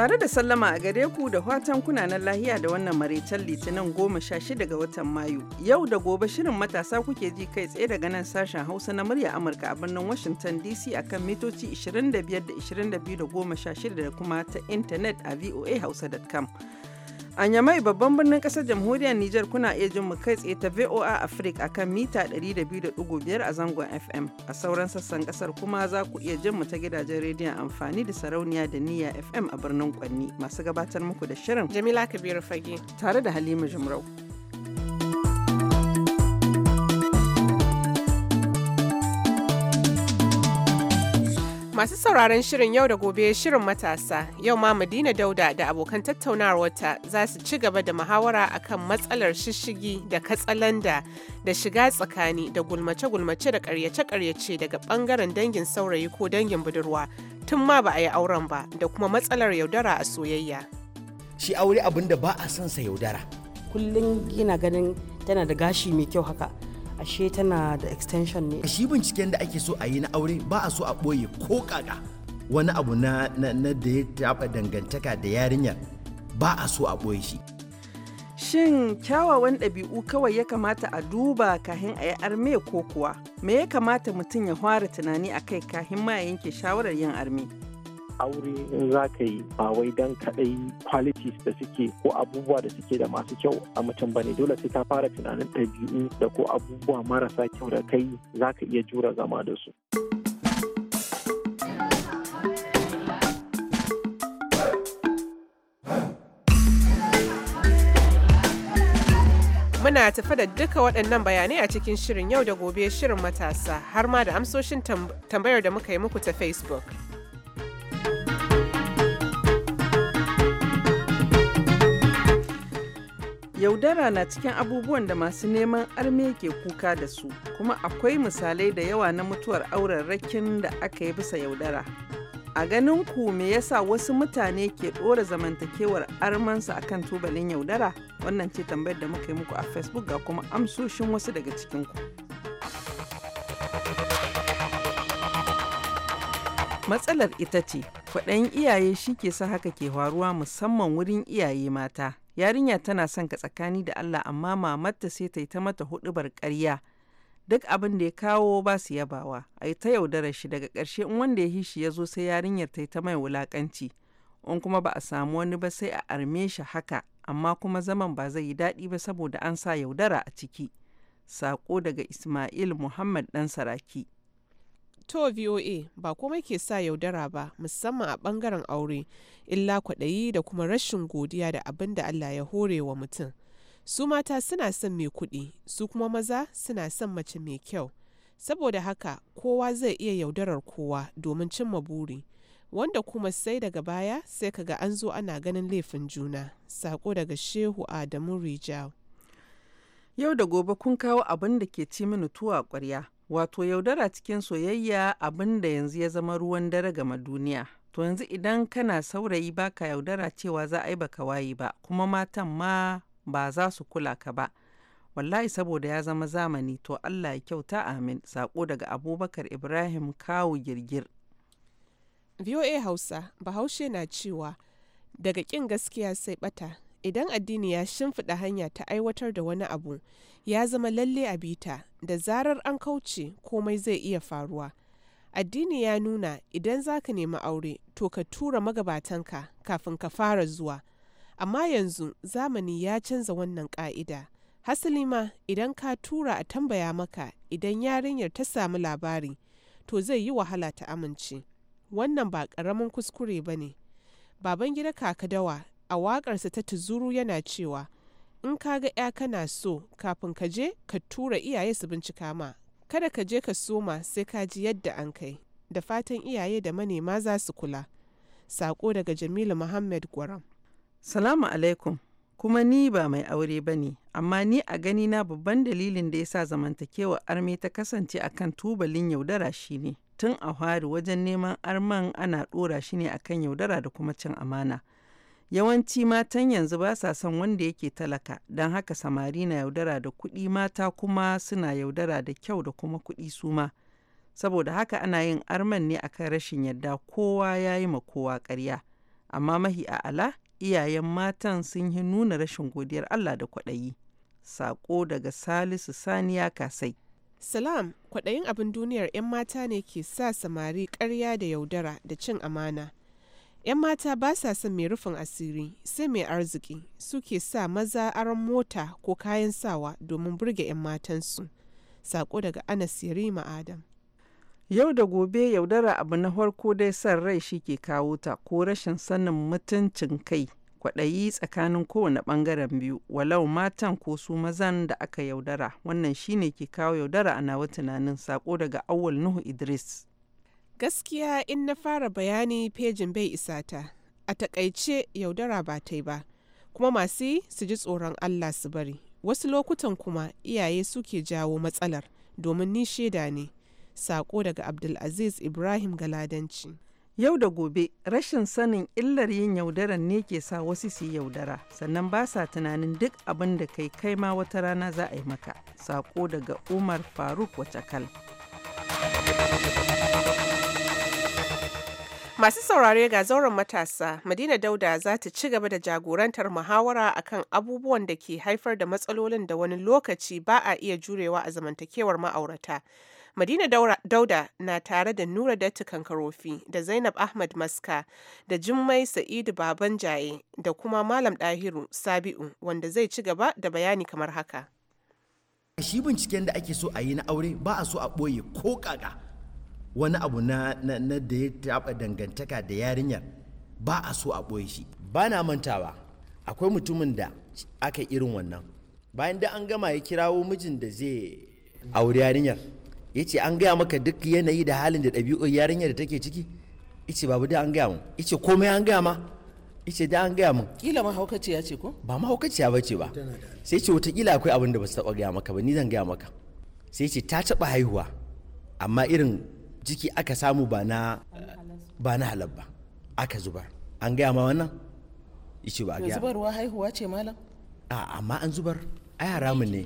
Tare da sallama a gare ku da watan kunanan lahiya da wannan maraicen litinin goma sha shida ga watan Mayu. Yau da gobe shirin matasa kuke ji kai tsaye daga nan sashen Hausa na murya Amurka a birnin Washington DC akan mitoci 25 da 22 da goma sha shida da kuma ta intanet a voa hausa.com. A Nyamai babban birnin ƙasar jamhuriyar Nijar kuna iya jin mu kai tsaye ta VOA Africa akan mita 200.5 a zangon FM. A sauran sassan kasar kuma za ku iya jin mu ta gidajen rediyon amfani da sarauniya da niyya FM a birnin Kwanni. Masu gabatar muku da shirin Jamila Kabiru Fage tare da Halima Jumrau. Masu sauraron shirin yau da gobe shirin matasa yau ma Madina Dauda da abokan tattaunawarta za su ci gaba da muhawara akan matsalar shishigi da katsalanda da shiga tsakani da gulmace-gulmace da karyace-karyace daga bangaren dangin saurayi ko dangin budurwa tun ma ba a yi auren ba da kuma matsalar yaudara a soyayya. Shi aure abin da ba a son yaudara. Kullum yana ganin tana da gashi mai kyau haka. ashe tana da extension ne shi binciken da ake so a yi na aure ba a so a ɓoye ko kaka wani abu na da ya taɓa dangantaka da yarinyar ba a so a ɓoye shi Shin kyawawan ɗabi'u kawai ya kamata a duba kahin a yi arme ko kuwa? Me ya kamata mutum ya fara tunani a kai kahin ma yanke shawarar yin arme? aure in za ka yi ba wai don kaɗai qualities da suke ko abubuwa da suke da masu kyau a mutum bane dole sai ta fara tunanin ɗabi'u da ko abubuwa marasa kyau da kai za ka iya jura zama da su. Muna tafa da duka waɗannan bayanai a cikin shirin yau da gobe shirin matasa har ma da amsoshin tambayar da muka yi muku ta Facebook. Yaudara na cikin abubuwan da masu neman arme ke kuka da su, kuma akwai misalai da yawa na mutuwar aurarrakin da aka yi bisa yaudara. A ganin ku me yasa wasu mutane ke ɗora zamantakewar armansu akan tubalin yaudara? Wannan ce tambayar da muka yi muku a Facebook ga kuma amsoshin wasu daga cikin ku. Matsalar ita ce, kwaɗayin iyaye shi ke sa haka ke faruwa musamman wurin iyaye mata. yarinya tana son ka tsakani da Allah amma mamarta sai ta yi ta mata huɗubar ƙarya duk abin da ya kawo ba su yabawa a yi ta yaudarar shi daga ƙarshe in wanda ya yi shi ya zo sai yarinyar ta yi ta mai wulakanci in kuma ba a samu wani ba sai a arme shi haka amma kuma zaman ba zai yi daɗi ba saboda an sa yaudara a ciki sako daga Ismail Muhammad ɗan Saraki. To VOA ba komai ke sa yaudara ba musamman a bangaren aure illa kwaɗayi da kuma rashin godiya da abin da Allah ya hore wa mutum. Su mata suna son mai kuɗi su kuma maza suna son mace mai kyau. Saboda haka kowa zai iya yaudarar kowa domin cimma buri. Wanda kuma sai daga baya sai kaga an zo ana ganin laifin juna. Sako daga Shehu Adamu Rijal. Yau da gobe kun kawo abin da ke ci mini tuwa ƙwarya. Wato yaudara cikin soyayya abin da yanzu ya zama ruwan dare ga duniya. To yanzu idan kana saurayi baka yaudara cewa za a yi baka wayi ba, kuma matan ma ba za su kula ka ba. Wallahi saboda ya zama zamani to Allah ya kyauta amin. Sako daga Abubakar Ibrahim Kawu Girgir. VOA Hausa, Bahaushe na cewa daga ƙin gaskiya sai bata. idan addini ya shimfiɗa hanya ta aiwatar da wani abu ya zama lalle a bita da zarar an kauce komai zai iya faruwa addini ya nuna idan za ka nemi aure to ka tura magabatanka kafin ka fara zuwa amma yanzu zamani ya canza wannan ka'ida hasali ma idan ka tura a tambaya maka idan yarinyar ta samu labari to zai yi wahala ta amince wannan ba ƙaramin kuskure ba ne baban gida kakadawa a waƙarsa ta tuzuru yana cewa in ka ga 'ya kana so kafin ka je ka tura iyaye su bincika ma kada ka je ka soma sai ka ji yadda an kai da fatan iyaye da manema za su kula sako daga jamilu muhammad gwaram salamu alaikum kuma ni ba mai aure ba ne amma ni a gani na babban dalilin da ya sa zamantakewa arme ta kasance akan tubalin yaudara shine tun a wajen neman arman ana ɗora shi ne akan yaudara da kuma cin amana Yawanci matan yanzu ba sa son wanda yake talaka, don haka samari na yaudara da kuɗi mata kuma suna yaudara da kyau da kuma kuɗi suma. Saboda haka ana yin arman ne akan rashin yadda kowa ya yi ma kowa karya Amma mahi a ala iyayen matan sun yi nuna rashin godiyar Allah da kwaɗayi. Sako daga Salisu Saniya Kasai. Salam, kwaɗayin abin duniyar 'yan mata ne ke sa samari ƙarya da yaudara da cin amana. 'Yan mata ba sa son mai rufin asiri sai mai arziki suke sa maza aron mota ko kayan sawa domin burge 'yan matansu. Sako daga Anas Yarima Adam. Yau da gobe yaudara abu na farko dai san rai shi ke kawo ta ko rashin sanin mutuncin kai kwaɗayi tsakanin kowane ɓangaren biyu walau matan ko su mazan da aka yaudara wannan shine ke kawo yaudara ana nawa tunanin sako daga awal Nuhu Idris. Gaskiya in na fara bayani fejin bai isa ta, a takaice yaudara ba ta ba, kuma masu yi su ji tsoron Allah su bari. Wasu lokutan kuma iyaye suke jawo matsalar domin ni shaida ne. Sako daga Abdulaziz Ibrahim Galadanci. Yau da gobe rashin sanin illar yin yaudarar ne ke sa wasu su yi yaudara sannan ba sa tunanin duk abin da kai kai ma wata rana za a yi maka. Sako daga Umar Faruk Wacakal. Masu saurare ga zauren matasa, Madina Dauda za ta ci gaba da jagorantar muhawara akan abubuwan da ke haifar da matsalolin da wani lokaci ba a iya jurewa a zamantakewar ma'aurata. Madina Dauda na tare da Nura Datti Kankarofi da Zainab Ahmad Maska da Jummai Sa'idu Babanjaye da kuma Malam Dahiru Sabi'u wanda zai ci gaba da bayani kamar haka. Shi binciken da ake so a yi na aure ba a so a ɓoye ko ƙaƙa. wani abu na da ya taɓa dangantaka da yarinyar ba a so a ɓoye shi ba na mantawa akwai mutumin da aka irin wannan bayan da an gama ya kirawo mijin da zai auri yarinyar ya ce an gaya maka duk yanayi da halin da ɗabi'ar yarinyar da take ciki ice babu da an gaya mun ice komai an gaya ma ice da an gaya mun kila ya ce ko ba ma mahaukaciya ba ce ba sai ce watakila akwai abin da ba su taɓa gaya maka ba ni zan gaya maka sai ce ta taɓa haihuwa amma irin ciki aka samu ba na halar ba aka zubar an gaya ma wannan ice ba a gaya zubarwa haihuwa ce malam a amma an zubar yara haramun ne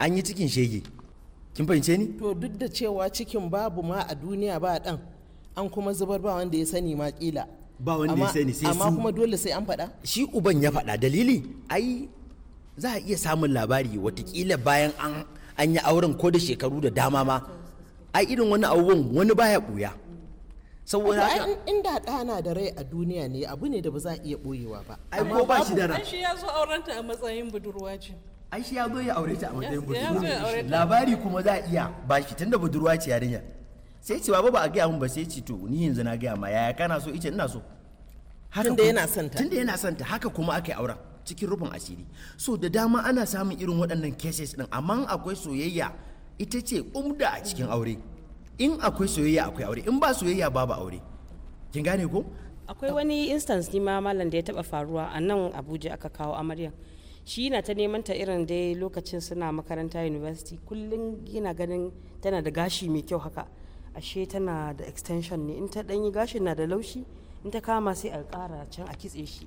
an yi cikin shege kin fahimce ni to duk da cewa cikin babu ma a duniya ba dan an kuma zubar ba wanda ya sani ma kila ba wanda ya sani sai amma kuma dole sai an faɗa shi uban ya faɗa dalili ai za a iya samun labari watakila bayan an an yi auren ko da shekaru da dama ma ai irin wani abubuwan wani baya buya saboda haka inda ɗana da rai a duniya ne abu ne da ba za a iya ɓoyewa ba ai ko ba shi da rai shi ya zo aurenta a matsayin budurwa ce ai shi ya zo ya aure ta a matsayin budurwa labari kuma za a iya ba shi tunda budurwa ce yarinya sai ce baba ba a gaya mun ba sai ce to ni yanzu na gaya ma yaya kana so ice ina so tunda yana son ta tunda yana son ta haka kuma aka yi auren cikin rufin asiri so da dama ana samun irin waɗannan cases din amma akwai soyayya ita ce umda a cikin aure in akwai soyayya akwai aure in ba soyayya babu aure kin gane ko akwai wani instance ni ma malam da ya taba faruwa a nan abuja aka kawo amaryan shi na ta neman ta irin dai lokacin suna makaranta university kullum yana ganin tana da gashi mai kyau haka ashe tana da extension ne in ta danyi gashin na da laushi in ta kama sai a kara can a kitse shi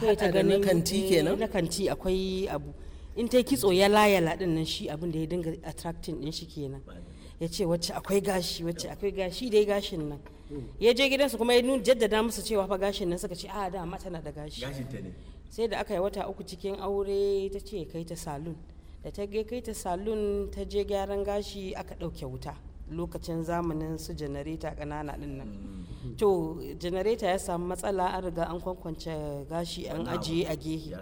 sai ta ganin na kanti kenan eh, na kanti akwai abu in ta kitso ya laya din nan shi abin da ya dinga attracting din shi kenan ya ce wacce akwai gashi wacce akwai gashi dai gashin nan ya je gidansu kuma ya nuna jaddada musu cewa fa gashin nan suka ce a ah, da mata na da gashi sai da aka yi wata uku cikin aure ta ce kai ta salon da ta ga kai ta salon ta je gyaran gashi aka ɗauke wuta lokacin zamanin su janareta ƙanana din nan mm. to janareta ya samu matsala an riga an kwankwance gashi an ajiye a gehe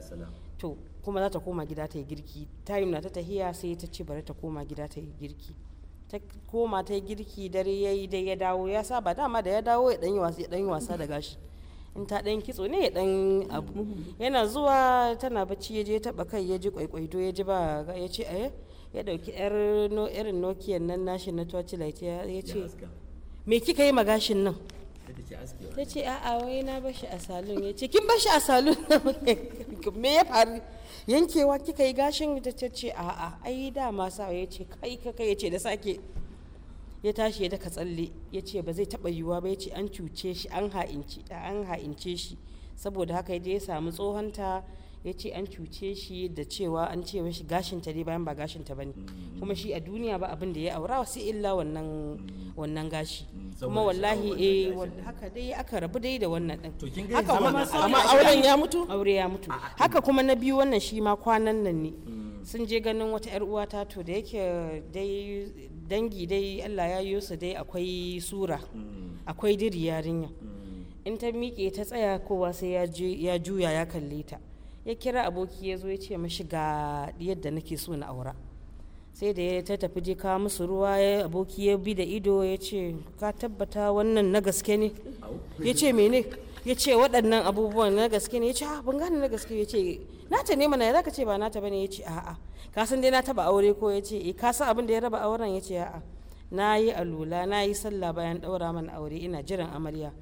to kuma za ta koma gida ta yi girki time na ta tahiya sai ta ce bari ta koma gida ta yi girki ta koma ta yi girki dare ya yi dai ya dawo ya saba dama da ya dawo ya dan wasa da gashi in ta dan kitso ne ya dan abu yana zuwa tana bacci ya je taba kai ya ji kwaikwaito ya ji ba ya ce eh ya dauki irin nokiyan nan nashi na torchlight ya ce me kika yi magashin nan take ta ce a'a wai na bashi a salon ya ce kin bashi a salon me ya faru yankewa kika yi gashin ta ce a'a ai dama sa ya ce kai kai ya ce da sake ya tashi ya daka tsalle ya ce ba zai taba yiwuwa ba ya ce an cuce shi an ha'ince shi saboda haka ya je ya samu ta. ya ce an cuce shi da cewa an ce mashi gashinta dai bayan ba gashinta bane mm. kuma shi a duniya ba abin da ya aura sai illa wannan mm. wannan gashi mm. kuma wallahi eh haka dai aka rabu dai da wannan din haka amma auren ya mutu aure ya mutu haka kuma na biyu wannan shi ma kwanan nan ne sun je ganin wata 'yar uwata to da yake dai dangi dai Allah ya yi su dai akwai sura akwai diri yarinya in ta miƙe ta tsaya kowa sai ya juya ya kalle ta ya kira aboki ya zo ya ce mashi ga yadda nake so na aura sai da ya ta tafi je kawo musu ruwa ya aboki ya bi da ido ya ce ka tabbata wannan na gaske ne ya ce mene ya ce waɗannan abubuwan na gaske ne ya ce ah, ban gane na gaske ya ce na ta ne mana ya zaka ce ba na ta bane ya ce a'a ka san dai na taba aure ko ya ce eh, ka san abin da ya raba auren ya ce a'a na yi alula na yi sallah bayan ɗaura mana aure ina jiran amarya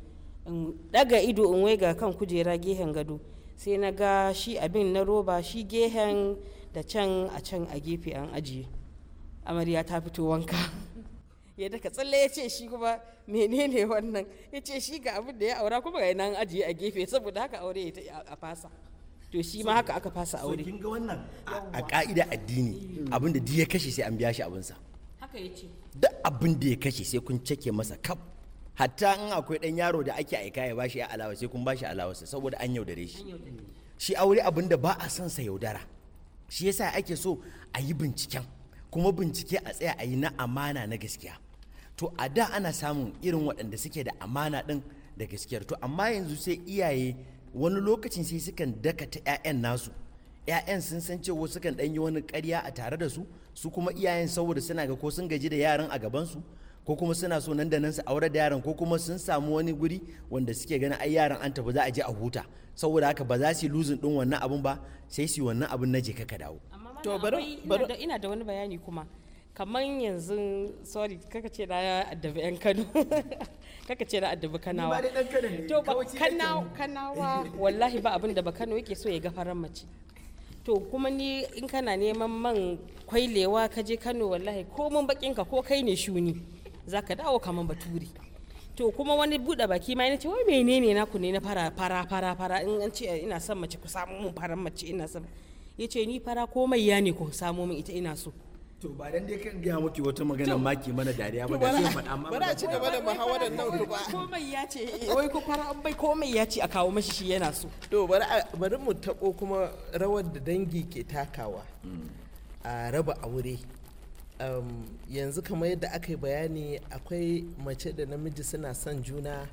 in ɗaga ido in waiga kan kujera gehen gado sai na ga shi abin na roba shi gehen da can a can a gefe an ajiye amarya ta fito wanka ya daga tsalle ya ce shi kuma menene wannan ya ce shi ga abin da ya aura kuma ga nan ajiye a gefe saboda haka aure ya a fasa to shi ma haka aka fasa aure kin ga wannan a ka'ida addini abin da ya kashe sai an biya shi abinsa haka ya ce duk abin da ya kashe sai kun cake masa kaf hatta in akwai dan yaro da ake aika ya bashi alawa sai kun bashi alawa saboda an yaudare shi shi aure abin da ba a son sa yaudara shi yasa ake so a yi binciken kuma bincike a tsaya a yi na amana na gaskiya to a da ana samun irin waɗanda suke da amana ɗin da gaskiyar to amma yanzu sai iyaye wani lokacin sai sukan dakata 'ya'yan nasu 'ya'yan sun san cewa sukan ɗan yi wani ƙarya a tare da su su kuma iyayen saboda suna ga ko sun gaji da yaran a gabansu ko kuma suna so nan da nan su aure da yaran ko kuma sun samu wani guri wanda suke ganin ai yaran an tafi za a je a huta saboda haka ba za su yi luzin din wannan abun ba sai su yi wannan abun na je ka dawo to bari ina da wani bayani kuma kamar yanzu sorry kaka ce na addabi yan kano kaka ce da addabi kanawa to ba kanawa wallahi ba abin da ba kano yake so ya ga faran mace to kuma ni in kana neman man kwailewa ka je kano wallahi ko mun bakin ka ko kai ne shuni za ka dawo kamar bature to kuma wani buɗe baki ma ce wai menene na ku ne na fara fara fara fara in an ce ina son mace ku samu mun fara mace ina son ya ce ni fara komai ya ne ku samu mun ita ina so to ba dan dai kan gaya miki wata magana maki mana dariya ba da sai faɗa amma ba ci gaba da muhawarar nan ba komai ya ce eh. wai ku fara an bai komai ya ce a kawo mashi shi yana so to bari bari mu tako kuma rawar da dangi ke takawa mm. a raba aure um, yanzu kamar yadda aka yi bayani akwai mace da namiji suna son juna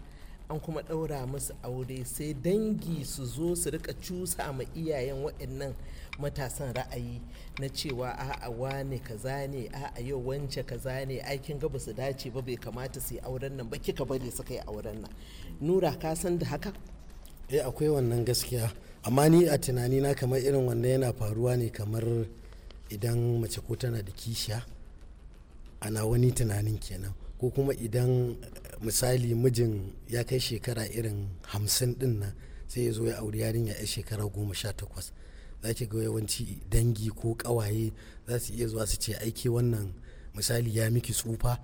an kuma ɗaura musu aure sai dangi su zo su rika cusa ma iyayen waɗannan matasan ra'ayi na cewa a'a wane kaza ne a'a yau wance kaza ne aikin gaba su dace ba bai kamata su yi auren nan ba kika bari suka yi auren nan nura ka san da haka eh akwai wannan gaskiya amma ni a tunani na kamar irin wannan yana faruwa ne kamar idan mace ko tana da kishiya ana wani tunanin kenan ko kuma idan eh, misali mijin ya kai shekara irin hamsin din nan sai ya zo ya auri yarinya ya shekara goma sha takwas za ki ga yawanci dangi ko kawaye za su iya zuwa su ce aiki wannan misali ya miki tsufa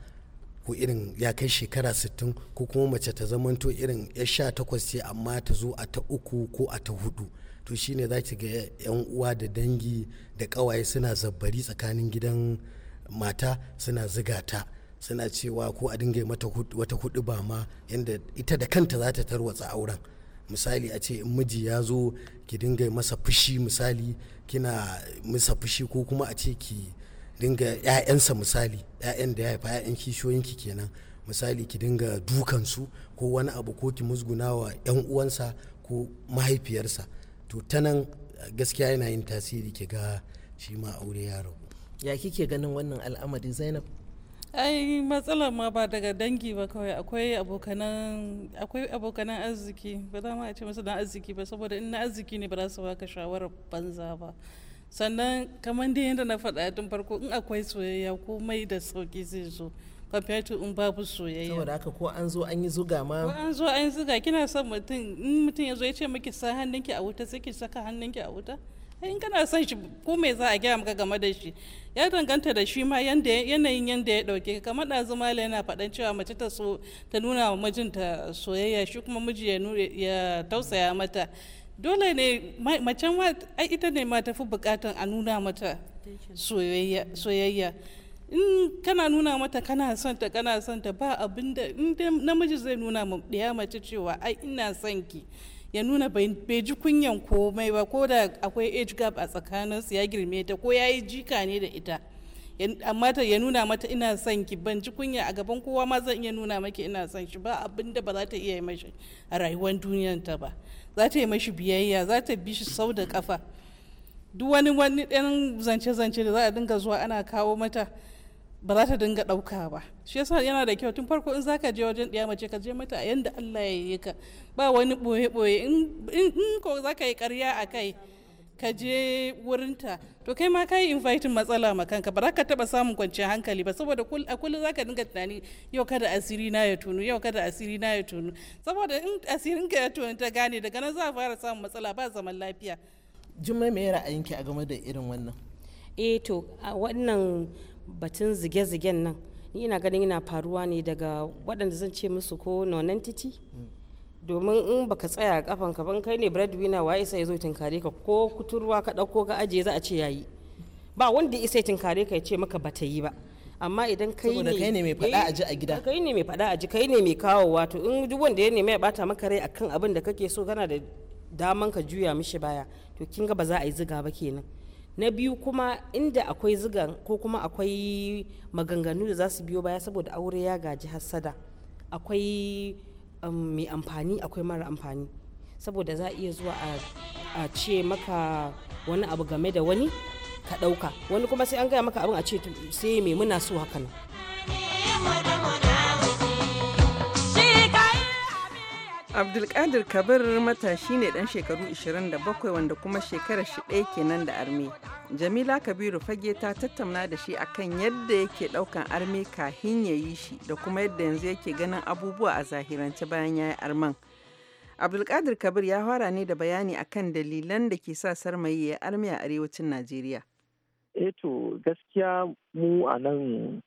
ko irin ya kai shekara sittin ko kuma mace ta zamanto irin ya sha takwas ce amma ta zo a ta uku ko a ta hudu to shine za ki ga yan uwa da dangi da kawaye suna zabbari tsakanin gidan mata suna ziga ta suna cewa ko a dinga mata wata hudu ba ma yadda ita da kanta za ta tarwatsa auren misali a ce in miji ya zo ki dinga masa fushi misali kina masa fushi ko kuma a ce ki dinga 'ya'yansa misali 'ya'yan da ya haifa 'ya'yan kishiyoyinki kenan misali ki dinga dukansu ko wani abu ko ki musguna wa 'yan uwansa ko mahaifiyarsa to ta nan gaskiya yana yin tasiri ki ga shi ma aure ya rabu ya kike ganin wannan al'amari zainab ai matsalar ma ba daga dangi ba kawai akwai abokanan akwai abokanan arziki ba za ma a ce masa dan arziki ba saboda in na arziki ne ba za su baka shawarar banza ba sannan kamar dai yadda na faɗa tun farko in akwai soyayya komai da sauki zai zo compared to in babu soyayya saboda haka ko an zo an yi zuga ma ko an zo an yi zuga kina son mutum in mutum ya zo ya ce miki sa hannunki a wuta sai ki saka hannunki a wuta in kana son shi ko me za a gaya maka game da shi ya danganta da shi ma yanayin yanda ya dauke kamar ɗazu mala yana faɗan cewa mace ta so ta nuna wa mijinta soyayya shi kuma miji ya tausaya mata dole ne macen ma ai ita ne ma tafi bukatan a nuna mata soyayya in kana nuna mata kana son ta kana son ta ba abinda in namiji zai nuna ma ɗaya mace cewa ai ina son ki ya nuna bai ji kunyan komai ba ko da akwai age gap a tsakaninsu ya girme ta ko ya yi jika ne da ita amma ta ya nuna mata ina son ki ban ji kunya a gaban kowa ma zan iya nuna maki ina son shi ba abin da ba za ta iya yi mashi a rayuwar duniyar ta ba za ta yi mashi biyayya za ta bi shi sau da kafa duk wani wani ɗan zance-zance da za a dinga zuwa ana kawo mata ba za ta dinga ɗauka ba shi yasa yana da kyau tun farko in za ka je wajen ɗiya mace ka je mata a yadda Allah ya yi ka ba wani ɓoye-ɓoye in ko za ka yi ƙarya a kai ka je wurinta to kai ma ka yi invitin matsala ma kanka ba za ka taɓa samun kwanciyar hankali ba saboda a kullum za ka dinga tunani yau kada asiri na ya tunu yau kada asiri na ya tunu saboda in asirin ka ya tunu ta gane daga nan za a fara samun matsala ba zaman lafiya jummai me ra'ayinki a game da irin wannan eh to a wannan batun zige-zigen nan ni ina ganin yana faruwa ne daga waɗanda zan ce musu ko nonentity domin in baka tsaya kafan ka ban kai ne breadwinner wa isa ya zo tinkare ka ko kuturwa ka ɗauko ka ajiye za a ce yayi ba wanda isa tinkare ka ya ce maka bata yi ba amma idan kai ne kai ne mai fada a ji a gida eh, kai ne mai fada a ji kai ne mai kawo wato in duk wanda ya nemi ya bata maka rai akan abin da kake so kana da daman ka juya mishi baya to kin ga ba za a yi ziga ba kenan na biyu kuma inda akwai zigan ko kuma akwai maganganu da za su biyo baya saboda aure ya gaji hassada akwai um, mai amfani akwai mara amfani saboda za a iya zuwa a ce maka wani abu game da wani ka ɗauka wani kuma sai an gaya maka abin a ce sai mai muna so haka nan Abdulkadir Kabir matashi ne ɗan shekaru 27 wanda kuma shekarar shi ɗaya kenan da arme. Jamila Kabiru fage ta tattauna da shi akan yadda yake ɗaukan arme kahin ya yi shi da kuma yadda yanzu yake ganin abubuwa a zahirance bayan ya yi arman. Abdulkadir Kabir ya fara ne da bayani akan dalilan da ke sa sarmayi ya arme a arewacin Najeriya. E, to gaskiya mu a nan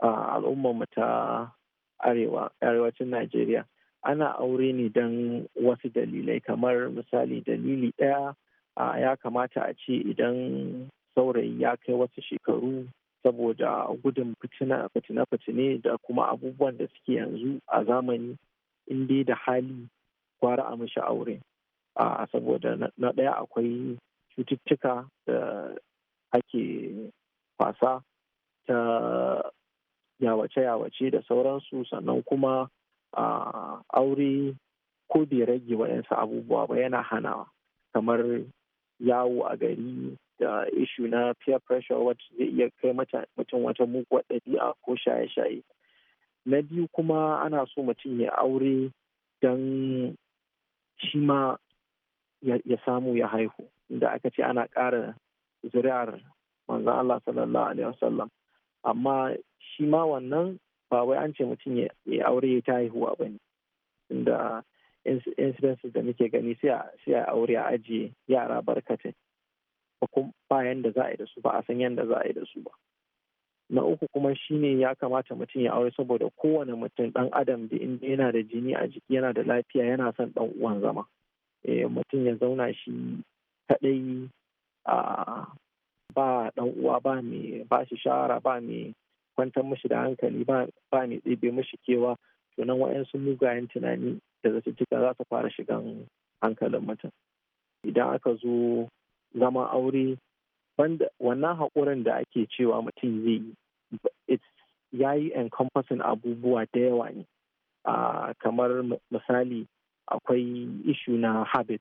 al'ummar mu ta arewa arewacin Najeriya. ana aure ne don wasu dalilai kamar misali dalili ɗaya ya kamata a ce idan saurayi ya kai wasu shekaru saboda gudun fitina fitine da kuma abubuwan da suke yanzu a zamani in dai da hali gwara a mishi aure saboda na ɗaya akwai cututtuka da ake kwasa ta yawace-yawace da sauransu sannan kuma aure ko bai rage wa'yansu abubuwa ba yana hana kamar yawo a gari da ishu na peer pressure wacce zai iya kai mutum wata muguwar ɗabi'a ko shaye-shaye na biyu kuma ana so mutum ya aure don shi ma ya samu ya haihu da aka ce ana ƙara zuri'ar manzan Allah sallallahu alaihi wasallam amma shi ma wannan ba wai an ce mutum ya aure ya ta haihuwa ba ne inda incidences da muke gani sai a aure a ajiye yara barkatai ba yanda za a yi da su ba a san yanda za a yi da su ba na uku kuma shine ya kamata mutum ya aure saboda kowane mutum ɗan adam da inda yana da jini a jiki yana da lafiya yana son ɗan uwan zama eh, mutum ya zauna shi kadai a ba ɗan uwa ba mai ba shi shawara ba mai kwantar mashi da hankali ba ba mai tsebe mashi kewa to nan wa'yansu mugayen tunani da zatuttuka za ta fara shigan hankalin mutum idan aka zo zama aure banda wannan haƙurin da ake cewa mutum zai yi ya yi encompassing abubuwa da yawa ne kamar misali akwai ishu na habit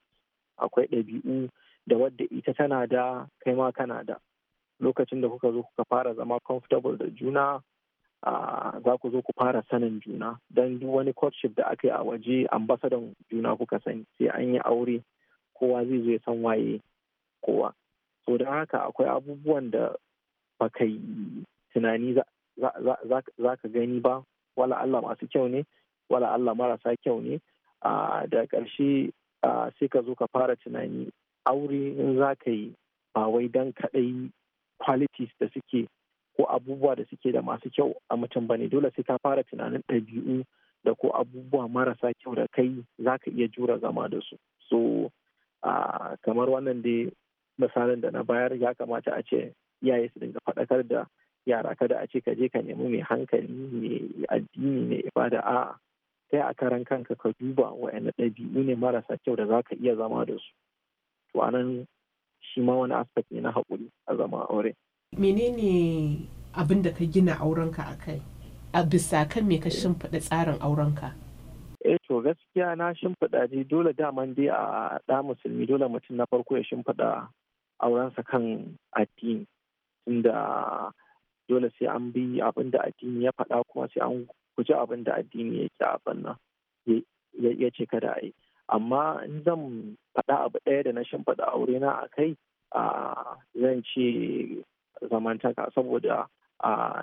akwai ɗabi'u da wadda ita tana da kai ma kana da lokacin da kuka zo kuka fara zama comfortable da juna za ku zo ku fara sanin juna don duk wani courtship da aka yi a waje ambasadan juna kuka sani sai an yi aure kowa zai zo ya san waye kowa so don haka akwai abubuwan da baka yi tunani za ka gani ba wala Allah masu kyau ne wala Allah marasa kyau ne da ƙarshe sai ka zo ka fara tunani aure in za ka yi ba wai don kaɗai qualities da suke ko abubuwa da suke da masu kyau a mutum bane dole sai ka fara tunanin ɗabi'u da ko abubuwa marasa kyau da kai za ka iya jura zama da su so kamar wannan dai misalin da na bayar ya kamata a ce iyaye su dinga faɗakar da yara kada a ce ka je ka nemi mai hankali mai addini mai ibada a sai a karan kanka ka duba wa'yan ɗabi'u ne marasa kyau da za ka iya zama da su to anan shi ma wani aspect ne na haƙuri a zama aure. Menene abin da ka gina aurenka a kai? A bisa kan me ka eh. shimfiɗa tsarin aurenka? eh to gaskiya na shimfiɗa ji dole daman dai a ɗa musulmi dole mutum na farko ya shimfiɗa aurensa kan addini inda dole sai an bi abin da addini ya faɗa kuma sai an guji abin da addini ya ya ce kada a yi amma in zan faɗa abu ɗaya da na shimfiɗa aure na a kai zan ce zamantaka saboda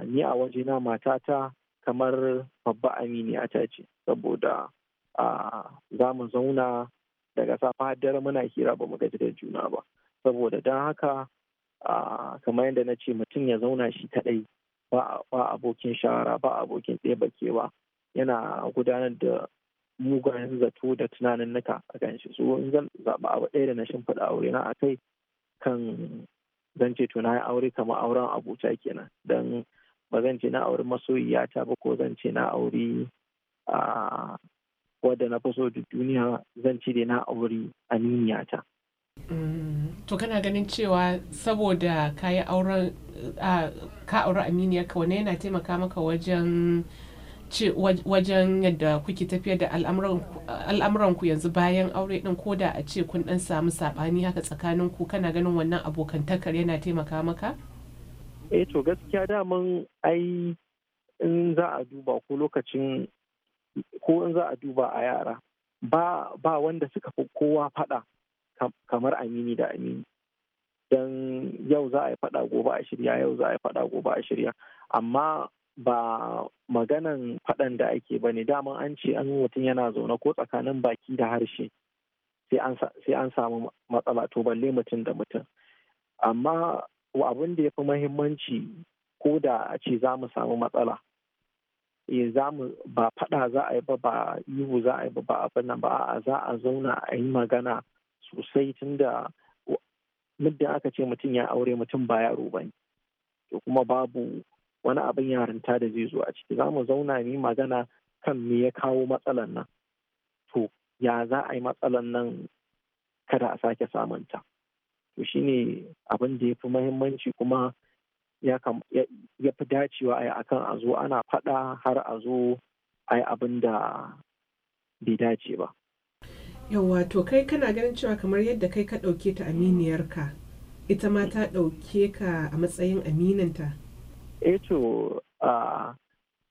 ni a wajena matata kamar babba aminiya ta ce saboda za mu zauna daga safa har dare muna hira ba mu gaji da juna ba saboda don haka kamar yadda na ce mutum ya zauna shi kaɗai ba abokin shawara ba abokin ɗeba kewa yana gudanar da mugayen zato da tunanin nuka a kan shi so in zan zaɓi abu ɗaya da na shimfiɗa aure na akai kan zan ce to na yi aure kamar auren abuja kenan don ba zan ce na auri masoyiyata ba ko zan ce na auri a wadda na fi so da duniya zan ce dai na auri aminiyata. Mm, to kana ganin cewa saboda ka yi auren ka auri aminiyarka wane yana taimaka maka wajen wajen yadda kuke tafiyar da al'amuranku yanzu bayan aure din ko da a ce kun dan samu sabani haka tsakanin ku kana ganin wannan abokantakar yana taimaka maka? eh to gaskiya daman ai in za a duba ko lokacin ko in za a duba a yara ba ba wanda suka fi kowa fada kamar amini da amini don yau za a yi fada gobe a shirya yau za a yi fada gobe a shirya amma ba maganan faɗan da ake ba ne daman an ce an mutum yana zaune ko tsakanin baki da harshe sai an samu matsala to balle mutum da mutum amma abin da ya fi mahimmanci ko da a ce za mu samu matsala e za mu ba faɗa za a yi ba ba ihu za a yi ba abin nan ba a za a zauna a yi magana sosai tun tunda muddin aka ce mutum ya aure mutum ba yaro ba ne kuma babu wani abin yarinta da zai zo a ciki za mu zauna ni magana kan me ya kawo matsalan nan to ya za a yi matsalan nan kada a sake samunta to shine abin da ya fi mahimmanci kuma ya fi dacewa a yi akan a zo ana faɗa har a zo a yi abin da bai dace ba yawwa to kai kana ganin cewa kamar yadda kai ka ɗauke ta aminiyarka ita ma ta ɗauke ka a matsayin aminanta Eto eh a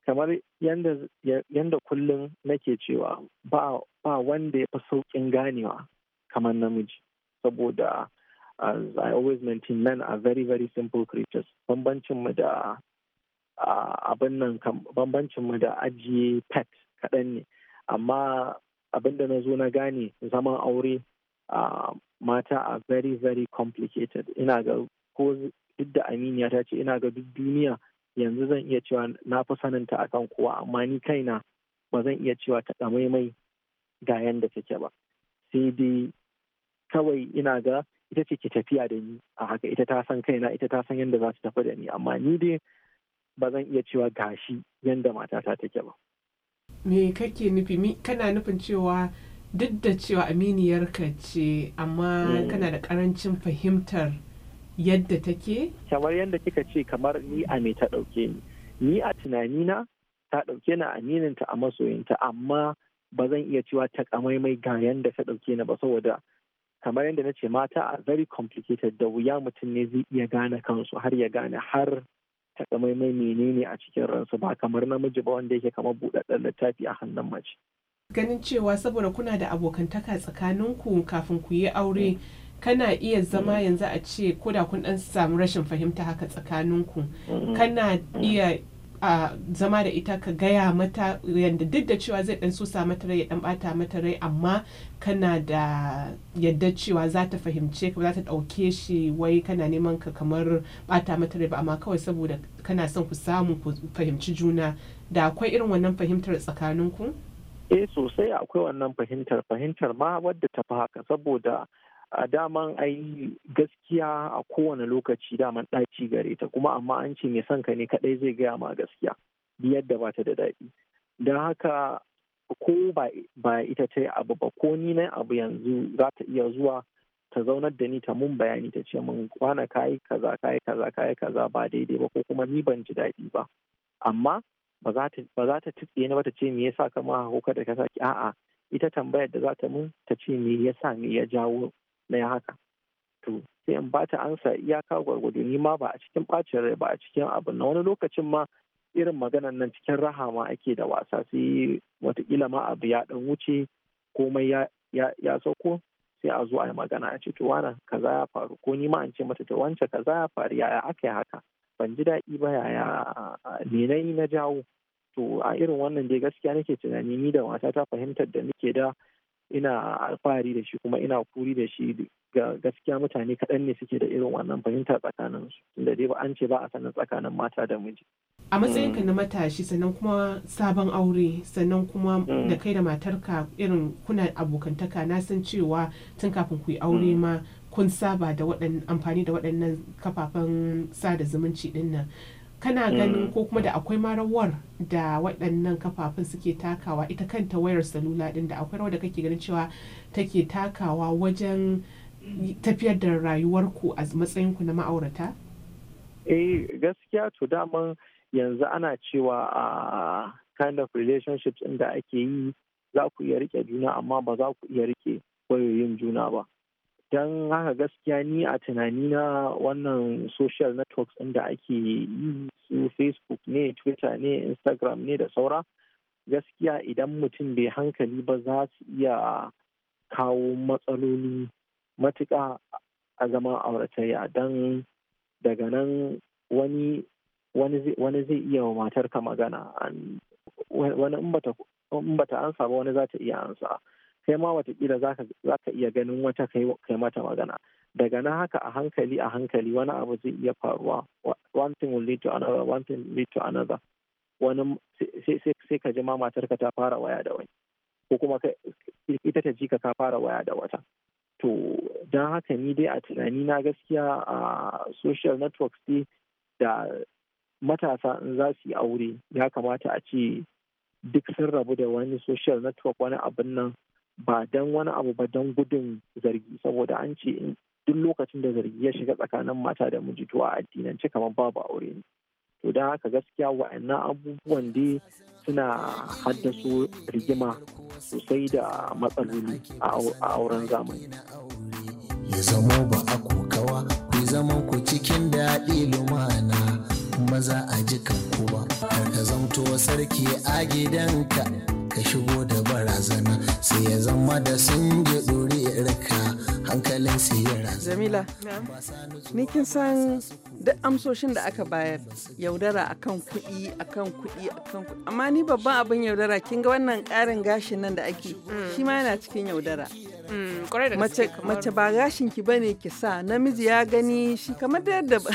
kamar yadda kullum nake cewa ba wanda ya fi sauƙin ganewa kamar namiji saboda as I always maintain men are very very simple creatures bambancin mu da abin nan bambancin mu da ajiye pet kaɗan ne amma abin da na zo na gane zaman aure mata are very very complicated ina ga ko duk da aminiya ta ce ina ga duk duniya yanzu zan iya cewa na fi saninta kan kowa amma ni kaina ba zan iya cewa ta ɗamai mai ga yanda take ba sai dai kawai ina ga ita ce ke tafiya da ni a haka ita ta san kaina ita ta san yadda za su tafi da ni amma ni dai ba zan iya cewa gashi yanda matata take ba. Me kake nufi kana nufin cewa duk da cewa aminiyarka ce amma eh. kana da karancin fahimtar yadda take kamar yadda kika ce kamar ni a me ta ɗauke ni ni a tunanina ta ɗauke ni a amininta a masoyinta amma ba zan iya cewa ta kamaimai ga yadda ta ɗauke ni ba saboda kamar yadda na ce mata a very complicated da wuya mutum ne zai iya gane kansu har ya gane har ta kamaimai menene a cikin ransu ba kamar namiji ba wanda yake kamar buɗaɗɗen littafi a hannun mace. ganin cewa saboda kuna da abokantaka tsakaninku kafin ku yi aure kana iya zama mm. yanzu a ce ko da kun dan samu rashin fahimta haka tsakaninku kana iya a zama da ita ka gaya mata yadda duk da cewa zai dan sosa mata rai ya dan bata mata rai amma kana da yadda cewa za ta fahimce ka za ta dauke shi wai kana neman ka kamar bata mata rai ba amma kawai saboda kana son ku samu ku fahimci juna da akwai irin wannan fahimtar tsakaninku eh sosai akwai wannan fahimtar fahimtar ma wadda ta fi haka saboda a daman yi gaskiya a kowane lokaci daman ɗaci gare ta kuma amma an ce mai son ka ne kaɗai zai gaya ma gaskiya da ba ta da daɗi don haka ko ba ita ta yi abu ba ko ni na abu yanzu za ta iya zuwa ta zaunar da ni ta mun bayani ta ce mun kwana kayi kaza kayi kaza kayi kaza ba daidai ba ko kuma ni ban ji daɗi ba amma ba za ta tutse ni ba ta ce me yasa kama hauka da ka saki a'a ita tambayar da za ta mun ta ce me yasa me ya jawo na haka to sai in ba ta ansa iyaka gwargwado ni ma ba a cikin bacin rai ba a cikin abin na wani lokacin ma irin maganan nan cikin rahama ake da wasa sai watakila ma abu ya dan wuce komai ya sauko sai a zo a yi magana a ce to wannan kaza ya faru ko ni ma an ce mata to wance kaza ya faru yaya aka yi haka ban ji daɗi ba yaya me na na jawo to a irin wannan dai gaskiya nake tunani ni da ta fahimtar da nake da ina alfahari da shi kuma ina kuri da shi ga gaskiya mutane kaɗan ne suke da irin wannan fahimta tsakanin su da dai ba an ce ba a sanin tsakanin mata da miji. A matsayinka na matashi sannan kuma sabon aure sannan kuma da mm. kai da matarka irin kuna abokantaka na san cewa tun kafin ku yi aure mm. ma kun saba da amfani da waɗannan kafafen sada zumunci dinnan kana mm. ganin ko kuma da akwai marawar da waɗannan kafafun suke takawa ita kanta wayar salula ɗin da akwai rawar da kake ganin cewa take takawa wajen tafiyar da rayuwarku a matsayinku na ma'aurata? eh gaskiya to daman yanzu ana cewa a kind of relationships inda ake yi za ku iya rike juna amma ba za ku iya rike wayoyin juna ba don haka gaskiya ni a tunani na wannan social networks inda ake yi su facebook ne twitter ne instagram ne da saura gaskiya idan mutum bai hankali ba za su iya kawo matsaloli matuka a zama auratayya don daga nan wani wani zai iya wa matarka magana wani in bata ansa ba wani za ta iya ansa kai ma watakila za ka iya ganin wata kai mata magana daga na haka a hankali a hankali wani abu zai iya faruwa one thing will lead to another one thing will lead to another wani sai ka ji ma matarka ta fara waya da wani ko kuma ita ta ji ka ka fara waya da wata to don haka ni dai a tunani na gaskiya a social networks dai da matasa in za su yi aure ya kamata a ce duk sun rabu da wani social network wani abin nan ba don wani abu ba don gudun zargi saboda an ce duk lokacin da zargi ya shiga tsakanin mata da miji to a addinance kamar babu aure ne to don haka gaskiya wa'annan abubuwan dai suna haddasa rigima sosai da matsaloli a auren zamani ya zamo ba a kokawa ku zama ku cikin daɗi lumana maza a jikan kuma kar ka zamto sarki a gidanka ka shigo da da sun je hankalin su Jamila, ni kin san duk amsoshin da aka bayar yaudara akan kuɗi akan kuɗi akan kuɗi amma ni babban abin yaudara kin ga wannan ƙarin gashin nan da ake mm. shi ma yana cikin yaudara. Mm, mace ba gashin ki bane ki sa namiji ya gani shi kamar da yadda ba.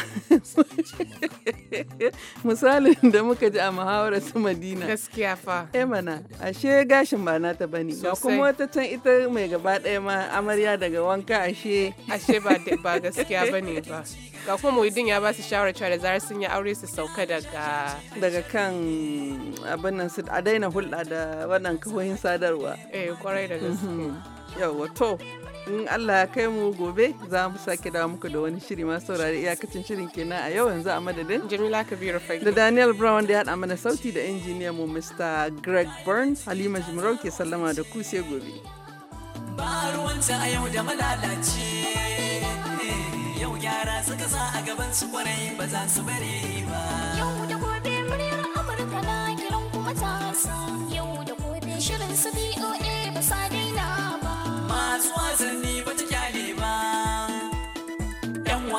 misalin da muka ji a muhawarar su madina gaskiya fa E mana ashe gashin ba nata bane Ba kuma wata can ita mai gaba ɗaya ma amarya daga wanka ashe ashe ba gaskiya bane ba ga kuma muhidin ya ba su shawarar cewa da zarar sun yi aure su sauka daga daga kan abin nan su a daina hulɗa da wannan kawoyin sadarwa eh kwarai da gaske mhm. Yawwa to, in Allah ya kai mu gobe za mu sake dawo muku da wani shiri ma saurari iyakacin shirin kenan a yau yanzu a madadin Jamila Kabiru Fagi da Daniel Brown da ya haɗa mana sauti da injiniyan mu Mr. Greg Burns Halima Jimarau ke sallama da ku sai gobe. Ba ruwanta a yau da malalaci eh, yau gyara suka sa a gaban su kwarai ba za su bari ba.